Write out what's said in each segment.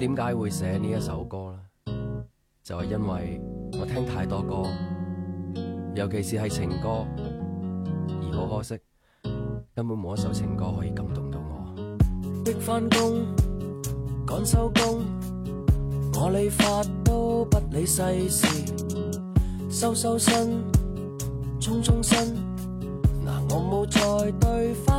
點解會寫呢一首歌咧？就係、是、因為我聽太多歌，尤其是係情歌，而好可惜，根本冇一首情歌可以感動到我。逼返工，趕收工，我理髮都不理世事，收收身，沖沖身，嗱，我冇再對方。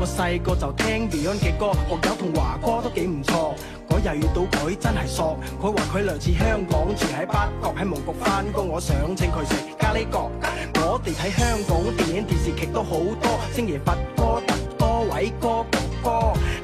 我細個就聽 Beyond 嘅歌，學友同華哥都幾唔錯。嗰日遇到佢真係索，佢話佢來自香港住喺北角，喺蒙古翻工。我想請佢食咖喱角。 我哋睇香港電影電視劇都好多，星爺發哥得多位哥國哥。哥哥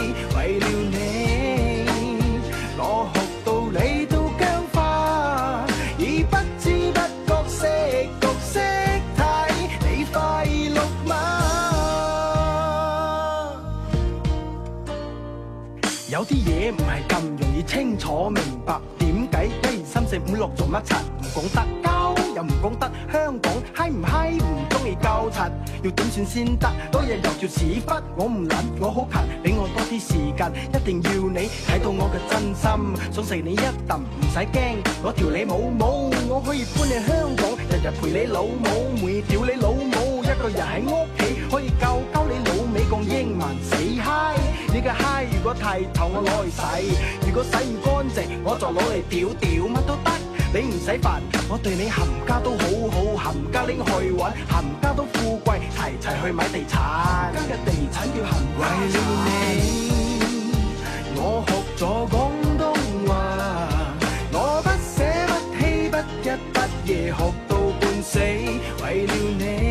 清楚明白點解，一二三四五六做乜柒？唔講得交又唔講得香港嗨唔嗨不？唔中意交插要點算先得？多嘢留住屎忽，我唔諗，我好勤，畀我多啲時間，一定要你睇到我嘅真心，想食你一啖唔使驚，我條你冇冇？我可以搬去香港，日日陪你老母，每屌你老母，一個人喺屋企可以救救你老味講英文。嘅如果剃頭我攞去洗；如果洗唔乾淨，我就攞嚟屌屌，乜都得。你唔使煩，我對你冚家都好好，冚家拎去玩，冚家都富貴，齊齊去買地產。今日地產叫冚家，為了你，我學咗廣東話，我不捨不棄不日不夜學到半死，為了你。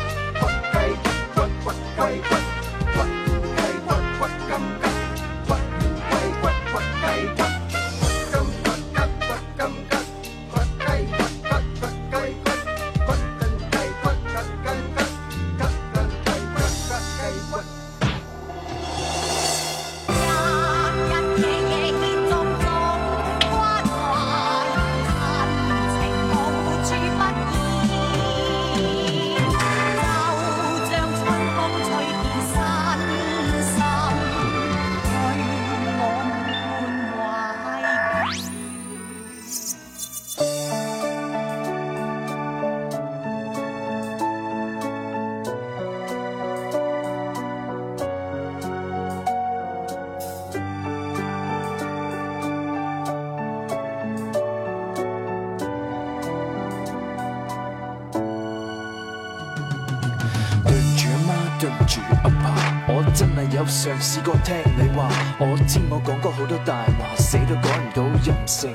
啊、爸我真係有嘗試過聽你話，我知我講過好多大話，死都改唔到任性，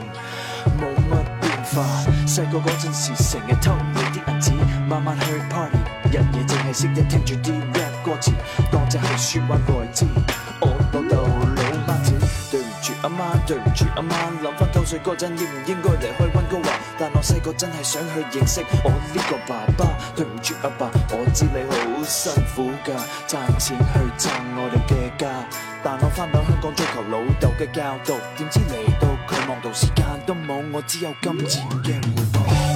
冇乜變化。細個嗰陣時成日偷你啲銀紙，晚晚去 party，日夜淨係識得聽住啲 rap 歌詞，當只係説話來自。阿媽，媽，對唔住，阿媽，媽，諗翻九歲嗰陣，應唔應該離開温哥華，但我細個真係想去認識我呢個爸爸。對唔住，阿爸，爸，我知你好辛苦噶，賺錢去撐我哋嘅家，但我翻到香港追求老豆嘅教導，點知嚟到佢忙到時間都冇，我只有金錢嘅回報。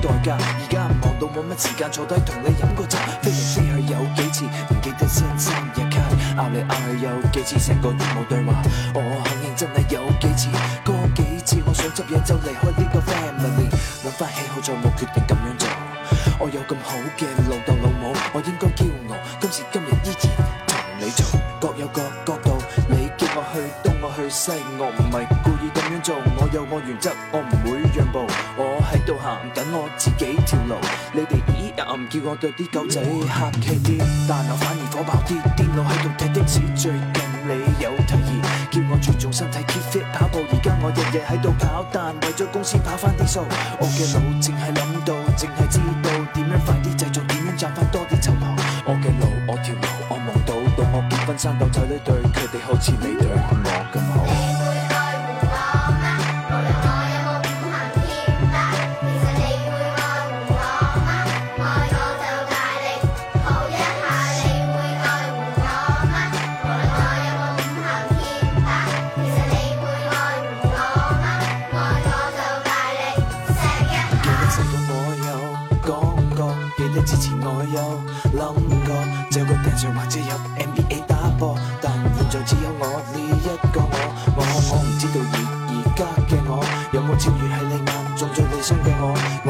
代價，而家唔忙到冇乜時間坐低同你飲個酒，飛嚟飛去有幾次，唔記得先生日卡，嗌嚟嗌去有幾次，成個月冇對話。我肯認真係有幾次，過幾次我想執嘢就離開呢個 family，諗翻起好在冇決定咁樣做。我有咁好嘅老豆老母，我應該驕傲。今時今日依然同你做，各有各角度，你叫我去東我去西，我唔係故意咁樣做，我有我原則，我唔會。我自己條路，你哋又唔叫我對啲狗仔客氣啲，但我反而火爆啲。電腦喺度踢的紙，最近你有提議叫我注重身體 keep fit 跑步，而家我日日喺度跑，但為咗公司跑翻啲數，我嘅路淨係諗到，淨係知道點樣快啲製造，點樣賺翻多啲酬勞。我嘅路，我條路，我望到到我結婚生到仔女對佢哋好似你對我咁好。或者有 NBA 打波，但現在只有我呢一，這個我，我我唔知道而而家嘅我，有冇超越係你眼中最理想嘅我？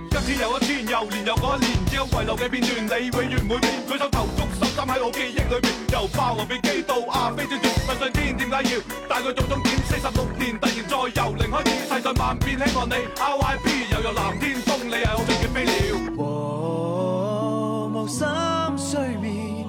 一天又一天，又年又一年，只有遺留嘅片段，你永遠唔會變，舉手投足，深藏喺我記憶裏面。由霸王別姬到阿飛轉轉，問上天點解要帶佢做終點？四十六年突然再由零開始，世事萬變，希望你 R I P，又有藍天送你係我最嘅飛鳥。w 無心睡眠。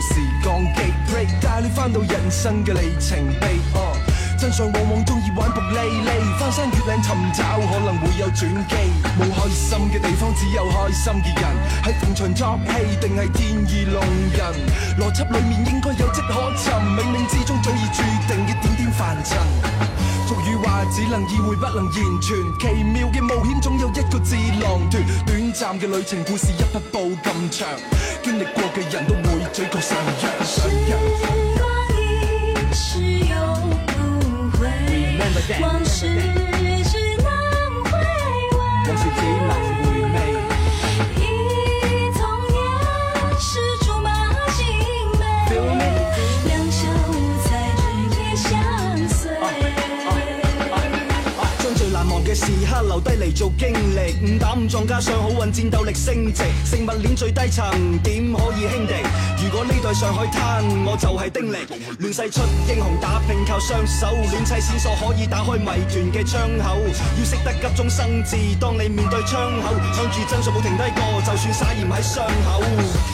時光機，帶你翻到人生嘅里程碑。Oh, 真相往往中意玩撲利利，翻山越嶺尋找，可能會有轉機。冇開心嘅地方，只有開心嘅人。喺逢場作戲定係天意弄人？邏輯裡面應該有跡可尋，冥冥之中早已注定嘅點點凡塵。俗語話，只能意會，不能言傳。奇妙嘅冒險，總有一個字狼斷。短暫嘅旅程，故事一匹布咁長。經歷過嘅人都會嘴角上揚。時光一逝永不回，往事只能回味。時刻留低嚟做經歷，誤打誤撞加上好運，戰鬥力升值。食物鏈最低層點可以輕敵？如果呢對上海灘，我就係丁力。亂世出英雄，打拼靠雙手。亂砌線索可以打開謎團嘅窗口。要識得急中生智，當你面對窗口，向住真相冇停低過，就算撒鹽喺傷口。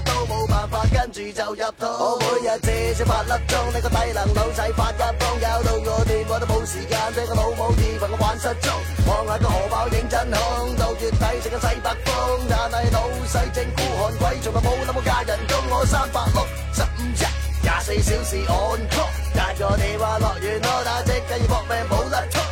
都冇辦法，跟住就入到。我每日借少八粒鐘，你個低能老仔發一瘋，搞到我哋冇得冇時間。畀個老母以為我玩失蹤，望下個荷包影真空，到月底食個西北風。但係老細正孤寒鬼，從來冇諗過嫁人工。供我三百六十五日廿四小時 on call，夾住你話樂園多打擊，更要搏命冇得出。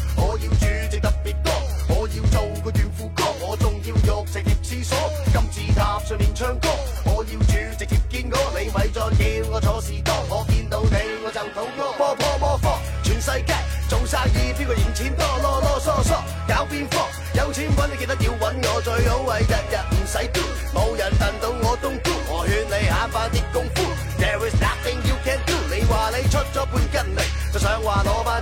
廁所，金字塔上面唱歌。我要住，直接見哥。你咪再叫我坐士多，我見到你我就肚屙。波波波波，全世界做生意，邊個贏錢多囉囉嗦嗦，搞邊科？有錢搵你記得要搵我最好，喂，日日唔使嘟，冇人等到我東 do。我勸你下班啲功夫，There is nothing you can do。你話你出咗半斤力，就想話攞翻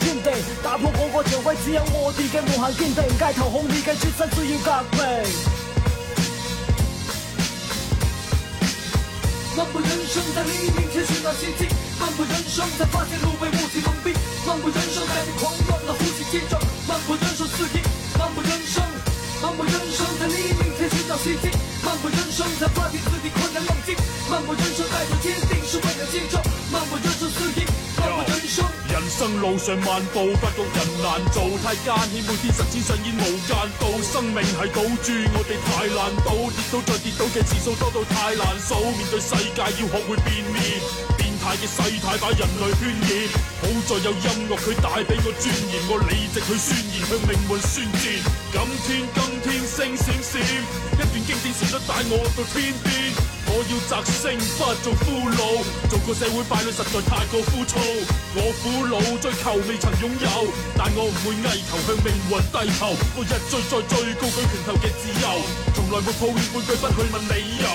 打破我個常規，只有我哋嘅無限堅定。街頭巷尾嘅轉身需要革命。 漫步人生，在黎明前尋找奇迹。漫步人生，在發現路被霧氣蒙蔽。漫步人生，在你狂亂的呼吸之中。漫步人生，肆意。漫步人生，漫步人生，在黎明前尋找奇迹。漫步人生，在白天徹底困難夢境。漫步人生帶着堅定，是為了記住。漫步人。人生路上漫步，發覺人難做太艱險。每天實踐上演無間道，生命係賭注，我哋太難倒，跌倒再跌倒嘅次數多到太難數，面對世界要學會變臉。變態嘅世態把人類圈繞，好在有音樂佢帶俾我尊嚴，我理直去宣言，向命運宣戰。今天今天星閃閃，一段經典旋律帶我到天邊。我要摘星，不做俘虜。做個社會敗類實在太過枯燥。我苦惱，追求未曾擁有，但我唔會哀求向命運低頭。我一追再追，高舉拳頭嘅自由，從來冇抱怨，半句不去問理由。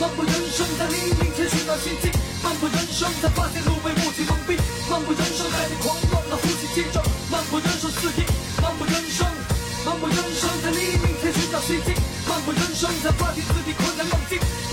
漫步人，人，人，人，人生，在黎明前尋找奇跡。漫步人生在，在發現路被霧氣蒙蔽。漫步人生在你，在狂亂的呼吸之中。漫步人生，肆意漫步人生。漫步人生，在黎明前尋找奇跡。漫步人生，在發現自己困難。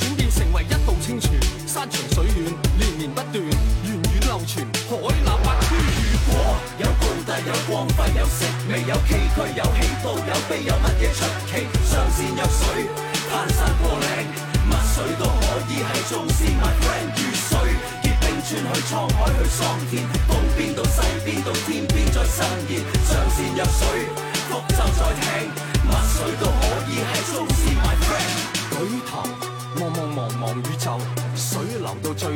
轉變成為一道清泉，山長水遠，連綿不斷，源遠流長。海納百川，如果有高低，有光輝，有色，未有崎嶇，有起伏，有飛，有乜嘢出奇？上善若水，攀山過嶺，乜水都可以係宗師。萬貫如水，結冰川去滄海，去桑田，東邊到西邊到天邊再伸延。上善若水，福就再聽，乜水都可以係宗師。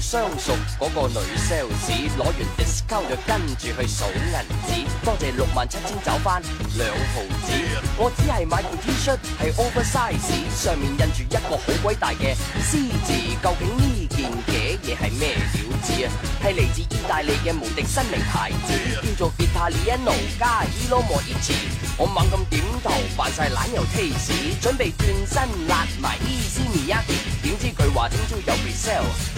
相熟嗰個女 sales 攞完 discount，就跟住去數銀紙。多謝六萬七千，走翻兩毫子。我只係買件 T s h i r t 係 oversize，上面印住一個好鬼大嘅 C 字。究竟呢件嘅嘢係咩料子啊？係嚟自意大利嘅無敵新名牌子，叫做 Bianchino 加 Illo 莫尼奇。我猛咁點頭，扮晒懶油 T 師，準備轉身揦埋 Easy Me 一碟，點知佢話聽朝又被 sell。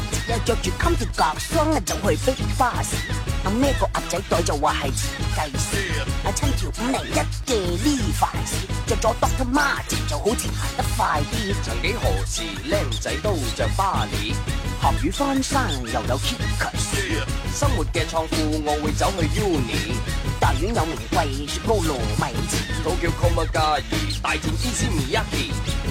着住金碟白霜就去 Big Bus 阿咩個鴨仔袋就話係設計師。阿親條五零一嘅呢塊士，着咗 Doctor Martin 就好似行得快啲。曾幾何時，靚仔都着巴黎，下雨翻山又有 Kicks、yeah.。生活嘅倉富，我會走去 Uni，大院有名貴，雪糕糯米，好叫 Come 家怡，大田依斯米一。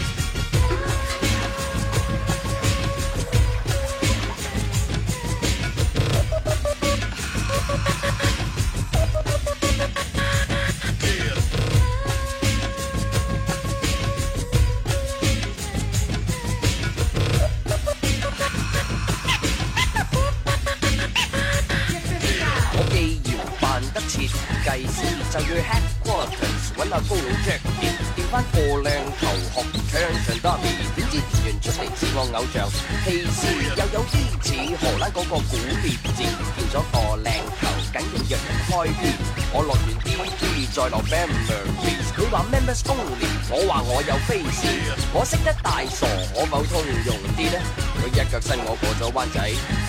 氣勢又有啲，e、似荷蘭嗰個古文字，叫咗個靚頭，緊要若開篇。我落完 D J，再落 Members 佢話 Members Only，我話我有 Face，我識得大傻，可否通用啲呢？佢一腳伸我過咗灣仔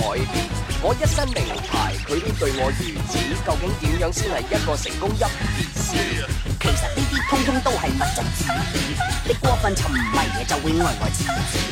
海邊，我一身名牌，佢都對我如此，究竟點樣先係一個成功人士？其實呢啲通通都係物質主義，你過分沉迷嘢就會愛愛自。